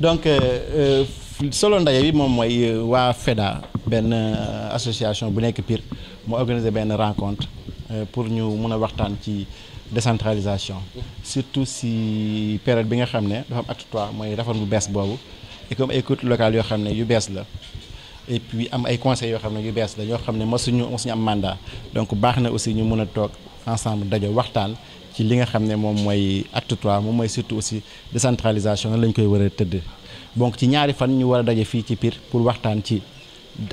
donc euh, euh, solo ndaje bi moom mooy euh, waa FEDA benn association bu nekk piir mu organiser benn rencontre pour ñu mun a waxtaan ci décentralisation surtout si période bi nga xam ne dafa am mooy réforme bu bees boobu et comme ay culture locale yoo xam ne yu bees la et puis am ay conseil yoo xam ne yu bees la ñoo xam ne mosuñu suñu am mandat donc baax na aussi ñu mën a toog ensemble dajo waxtaan ci li nga xam ne moom mooy acte trois moom mooy surtout aussi décentralisation nan la koy war a tëdd donc ci ñaari fan ñu war a daje fii ci piir pour waxtaan ci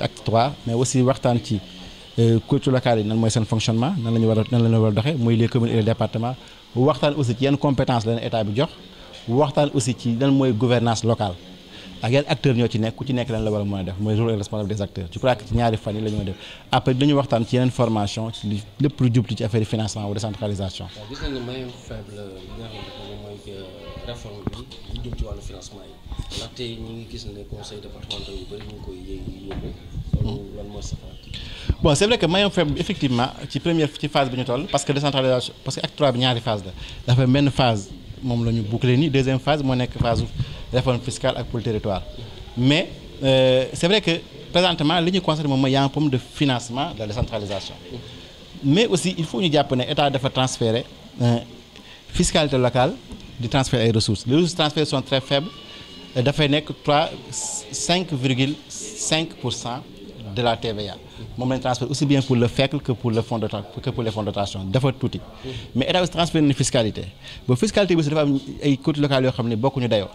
acte trois mais aussi waxtaan ci euh, culture locale yi na mooy seen fonctionnement nan la ñu war a nan la ñu war muy les communes et waxtaan aussi ci yan compétence la leen état bi jox waxtaan aussi ci lan mooy gouvernance locale ak yan acteurs ñoo ci nekk ku ci nekk lan la war a mën a def mooy responsable des acteurs je ci ñaari fan yi la ñu def après dañu waxtaan ci yeneen formation ci li lépp lu jublu ci affaire financement ou décentralisation. waaw bi ñu ngi gis ne bon c'est vrai que maillon faible effectivement ci première ci phase bi ñu toll parce que décentralisation parce que acte bi ñaari phase la dafa benn phase moom la ñu boucler nii deuxième phase moo nekk phase. réforme fiscale ak pôle territoire mais euh, c'est vrai que présentement li ñu constaté moom mooy y de financement de la mais aussi il faut ñu jàpp ne état dafa transférer euh, fiscalité locale di transférer ay ressources les ressources transférées sont très faibles dafay nekk 3 5 virgule 5 pour cent de la TVA moom lañ transféré aussi bien pour le FECL que pour le fonds de que pour les fonds de dotation dafa tuuti mais état bi transféré fiscalité ba fiscalité bi si yoo xam ne bokkuñu dayoo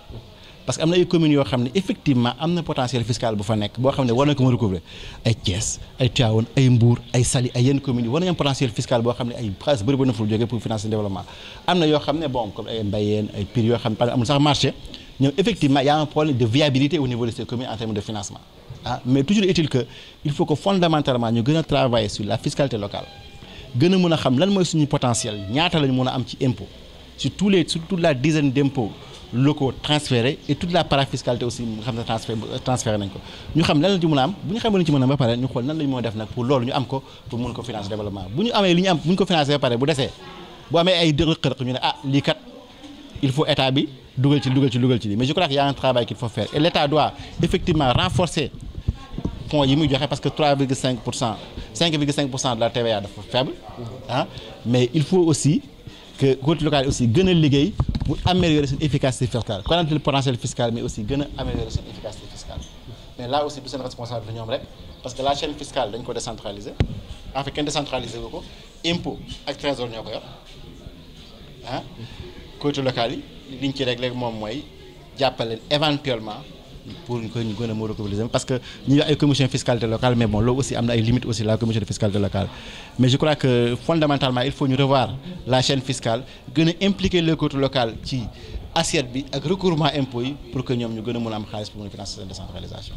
parce que am na ay communes yoo xam ne effectivement am na potentiel fiscal bu fa nekk boo xam ne war nañ ko mën a ay Thiès ay Tivaouane ay Mbour ay Saly ay yenn communes war nañ am potentiel fiscal boo xam ne ay xaalis ba na fa jógee pour financer développement am na yoo xam ne bon comme ay Mbayeen ay yoo xam ne par amul sax marché ñoom effectivement y a un problème de viabilité au niveau en termes de financement ah mais toujours est que il faut que fondamentalement a a mën a xam lan mooy suñu potentiel ñaata locaux transférés et tout la parafiscalité aussi nga xam ne transféré transféré nañ ko ñu xam lan la ci a am bu ñu xamee lu ci mën a am ba pare ñu xool nan la ñu mën a def nag pour loolu ñu amee li ñu am bu ñu ko financer ba pare bu desee bu amee ay rëq-rëq ñu ne ah lii kat il faut état bi dugal ci dugal ci dugal ci lii mais je crois qu'il y a un travail faut faire et l'état doit effectivement renforcer fonds yi muy joxe parce que 3,5 pour pour cent de la TVA faut aussi que collectivités locales aussi gën a liggéey mu améliorer seen efficacité fiscale qu'on appelle potentiel fiscal mais aussi gën a améliorer seen efficacité fiscale mais là aussi du seen responsabilité ñoom rek parce que la chaîne fiscale dañ ko décentraliser en kenn décentraliser wu ko impôt ak trésor ñoo ko yor ah collectivités locales yi liñ ci rek léegi moom mooy jàppale éventuellement pour que ñu gën a mën a recouvraliser parce que ñu ngi ay commission fiscalité locale mais bon loolu aussi am na ay limites aussi la commission fiscalité locale mais je crois que fondamentalement il faut ñu revoir la chaîne fiscale gën a impliquer les côtes locales ci assiette bi ak recouvrement impôt pour que ñoom ñu gën a am xaalis pour mën a financer seen décentralisation